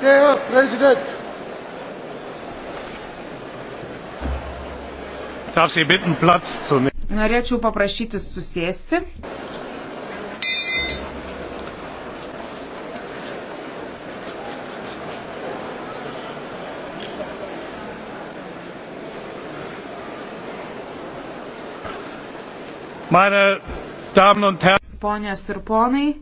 Herr Präsident! Darf Sie bitten, Platz zu nehmen? Norėčiau paprašyti susėsti. Meine Damen und Herren. Ponios ir ponai,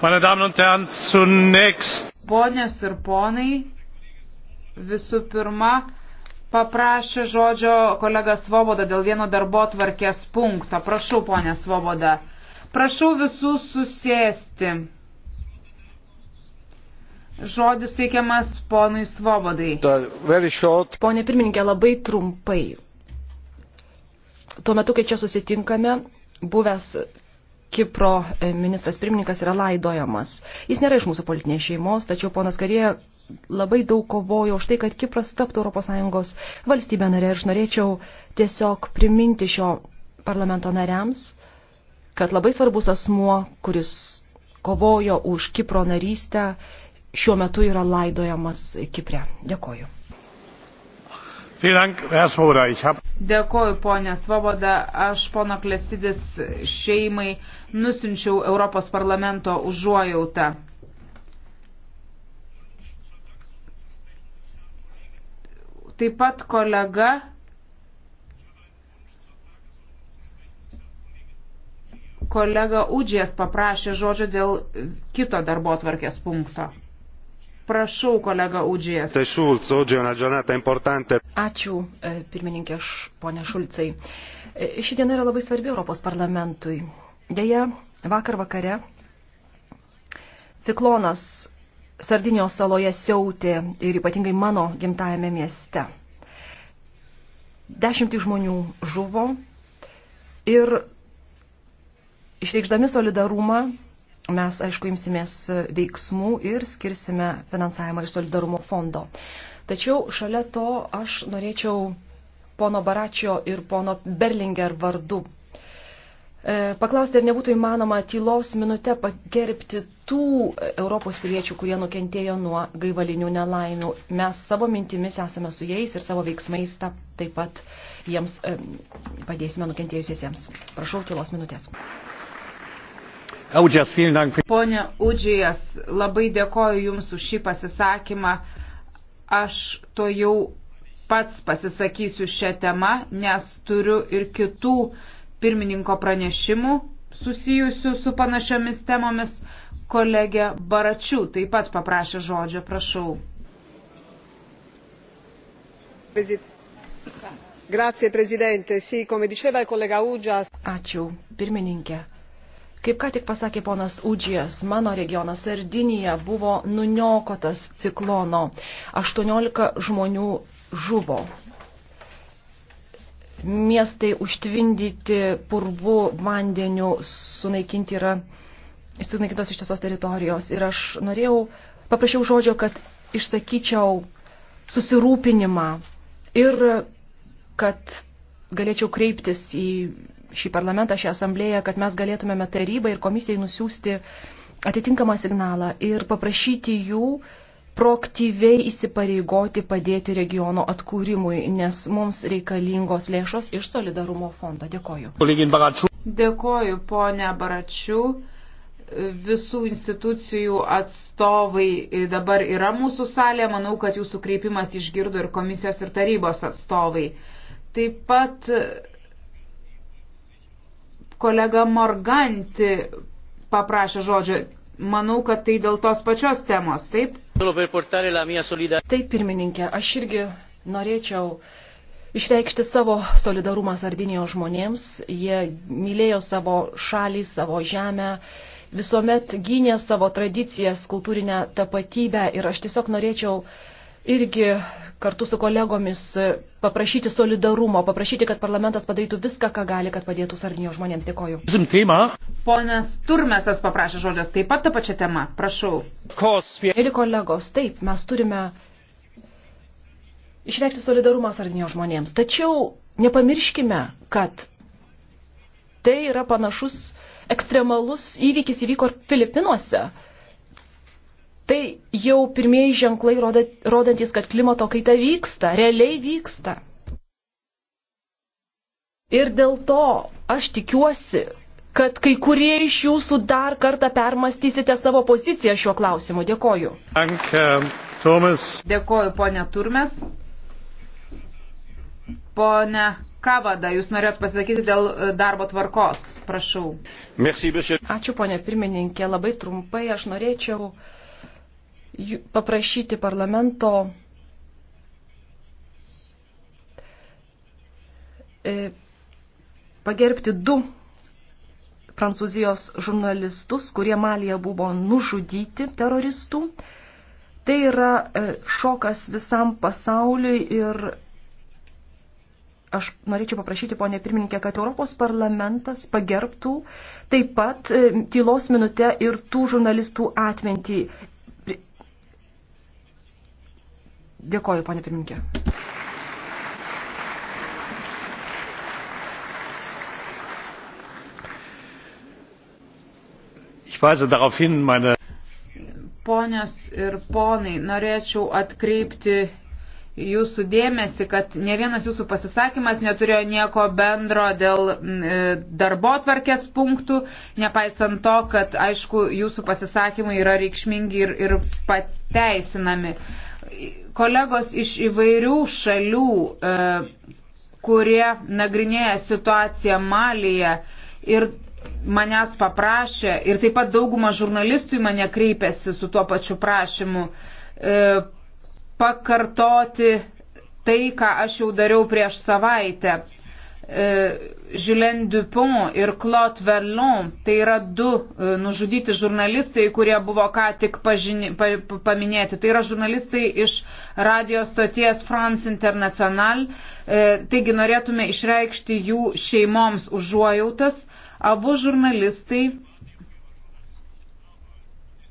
Meine Damen und Herren, zunächst. Ponios ir ponai, visų pirma, paprašė žodžio kolega Svoboda dėl vieno darbo tvarkės punkto. Prašau, ponė Svoboda. Prašau visų susėsti. Žodis teikiamas ponui Svobodai. Pone pirmininkė, labai trumpai. Tuo metu, kai čia susitinkame, buvęs Kipro e, ministras pirmininkas yra laidojamas. Jis nėra iš mūsų politinės šeimos, tačiau ponas Karėja labai daug kovojo už tai, kad Kipras taptų ES valstybė narė. Ir aš norėčiau tiesiog priminti šio parlamento nariams, kad labai svarbus asmuo, kuris kovojo už Kipro narystę, šiuo metu yra laidojamas Kipre. Dėkoju. Vielen Dank, Herr Svoboda. Ich habe Dėkoju, ponė Svoboda. Aš pono Klesidis šeimai nusinčiau Europos parlamento užuojautą. Taip pat kolega kolega Udžės paprašė žodžio dėl kito darbo tvarkės punkto. Prašau, kolega Udžijas. Tai Šulc, oggi è una giornata importante. Ačiū, e, pirmininkė ponė Šulcai. E, ši diena yra labai svarbi Europos parlamentui. Deja, vakar vakare ciklonas Sardinijos saloje siautė ir ypatingai mano gimtajame mieste. Dešimtį žmonių žuvo ir išreikšdami solidarumą mes, aišku, imsimės veiksmų ir skirsime finansavimą iš solidarumo fondo. Tačiau šalia to aš norėčiau pono Baračio ir pono Berlinger vardu e, Paklausti, ar nebūtų įmanoma tylos minutę pagerbti tų Europos piliečių, kurie nukentėjo nuo gaivalinių nelaimių. Mes savo mintimis esame su jais ir savo veiksmais ta, taip pat jiems e, padėsime nukentėjusiesiems. Prašau tylos minutės. Audžias, Pone Udžijas, labai dėkoju Jums už šį pasisakymą. Aš to jau pats pasisakysiu šią temą, nes turiu ir kitų pirmininko pranešimų susijusių su panašiomis temomis. Kolegė Baračių taip pat paprašė žodžio, prašau. Grazie, Presidente. Sì, come diceva il collega Ugias. Ačiū, pirmininkė. Kaip ką tik pasakė ponas Udžijas, mano regionas Sardinija buvo nuniokotas ciklono. 18 žmonių žuvo. Miestai užtvindyti purvų vandeniu sunaikinti yra sunaikintos ištisos teritorijos. Ir aš norėjau, paprašiau žodžio, kad išsakyčiau susirūpinimą ir kad galėčiau kreiptis į šį parlamentą, šią asamblėją, kad mes galėtumėme tarybai ir komisijai nusiųsti atitinkamą signalą ir paprašyti jų proaktyviai įsipareigoti padėti regiono atkūrimui, nes mums reikalingos lėšos iš solidarumo fondo. Dėkoju. Dėkoju, ponė Baračių. Visų institucijų atstovai dabar yra mūsų salėje. Manau, kad jūsų kreipimas išgirdo ir komisijos ir tarybos atstovai. Taip pat Kolega Morganti paprašė žodžio. Manau, kad tai dėl tos pačios temos, taip? Taip, pirmininkė, aš irgi norėčiau išreikšti savo solidarumą Sardinijos žmonėms. Jie mylėjo savo šalį, savo žemę, visuomet gynė savo tradicijas, kultūrinę tapatybę ir aš tiesiog norėčiau uh, irgi kartu su kolegomis paprašyti solidarumo, paprašyti, kad parlamentas padarytų viską, ką gali, kad padėtų Sardinijos žmonėms. Dėkoju. Ponas Turmesas paprašė žodžio taip pat tą pačią temą. Prašau. Mėly kolegos, taip, mes turime išreikšti solidarumą Sardinijos žmonėms. Tačiau nepamirškime, kad tai yra panašus ekstremalus įvykis įvyko ir Filipinuose Tai jau pirmieji ženklai rodantis, kad klimato kaita vyksta, realiai vyksta. Ir dėl to aš tikiuosi, kad kai kurie iš jūsų dar kartą permastysite savo poziciją šiuo klausimu. Dėkoju. Dank, Tomas. Dėkoju, ponė Turmes. Pone Kavada, jūs norėt pasakyti dėl e, darbo tvarkos. Prašau. Merci, Ačiū, ponė pirmininkė. Labai trumpai aš norėčiau uh, paprašyti parlamento e, pagerbti du prancūzijos žurnalistus, kurie Malija buvo nužudyti teroristų. Tai yra e, šokas visam pasauliui ir aš norėčiau paprašyti, ponė pirmininkė, kad Europos parlamentas pagerbtų taip pat e, tylos minutę ir tų žurnalistų atmintį. Dėkoju, ponė pirminkė. Ponios ir ponai, norėčiau atkreipti jūsų dėmesį, kad ne vienas jūsų pasisakymas neturėjo nieko bendro dėl e, darbo tvarkės punktų, nepaisant to, kad, aišku, jūsų pasisakymai yra reikšmingi ir, ir pateisinami kolegos iš įvairių šalių, e, kurie nagrinėja situaciją Malyje ir manęs paprašė ir taip pat dauguma žurnalistų į mane kreipėsi su tuo pačiu prašymu e, pakartoti tai, ką aš jau dariau prieš savaitę. Žilen e, Dupont ir Claude Verlon, tai yra du e, nužudyti žurnalistai, kurie buvo ką tik pažini, pa, paminėti. Tai yra žurnalistai iš radio stoties France International. E, taigi norėtume išreikšti jų šeimoms užuojautas. Abu žurnalistai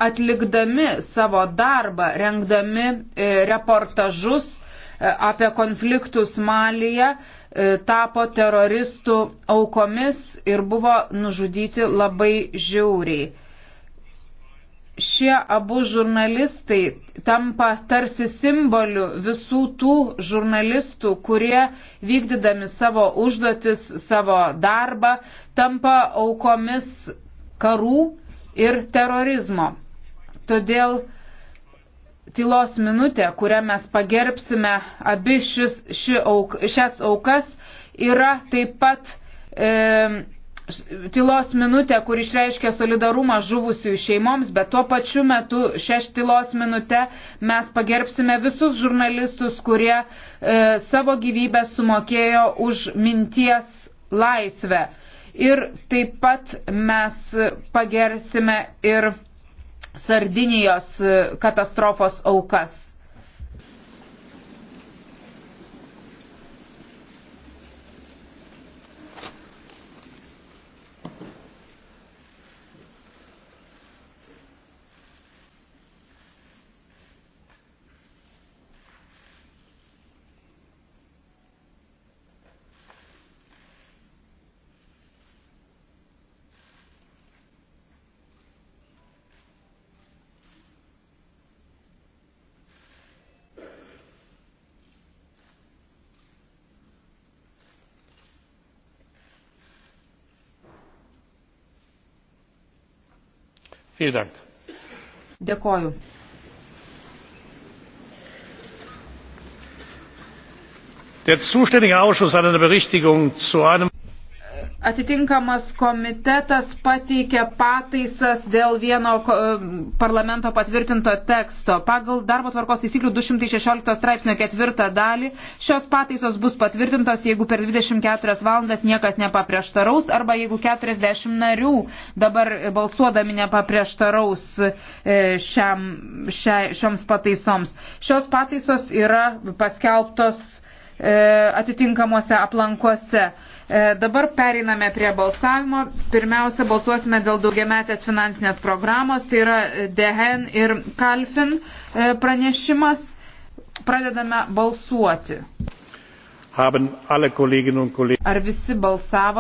atlikdami savo darbą, rengdami e, reportažus, e, apie konfliktus Malyje E, tapo teroristų aukomis ir buvo nužudyti labai žiauriai. Šie abu žurnalistai tampa tarsi simboliu visų tų žurnalistų, kurie vykdydami savo užduotis, savo darbą, tampa aukomis karų ir terorizmo. Todėl tylos minutė, kurią mes pagerbsime abi šis, ši auk, šias aukas, yra taip pat e, tylos minutė, kur išreiškia solidarumą žuvusiųjų šeimoms, bet tuo pačiu metu šias tylos minutę mes pagerbsime visus žurnalistus, kurie e, savo gyvybę sumokėjo už minties laisvę. Ir taip pat mes pagersime ir Sardinijos e, katastrofos aukas. Vielen Dank. Dėkoju. Der zuständige Ausschuss hat eine Berichtigung zu einem atitinkamas komitetas pateikė pataisas dėl vieno parlamento patvirtinto teksto. Pagal darbo tvarkos taisyklių 216 straipsnio ketvirtą dalį šios pataisos bus patvirtintos, jeigu per 24 valandas niekas nepaprieštaraus arba jeigu 40 narių dabar balsuodami nepaprieštaraus e, šiam, šia, šioms pataisoms. Šios pataisos yra paskelbtos e, atitinkamuose aplankuose. E, dabar pereiname prie balsavimo. Pirmiausia, balsuosime dėl daugiametės finansinės programos. Tai yra Dehen ir Kalfin e, pranešimas. Pradedame balsuoti. Ar visi balsavo?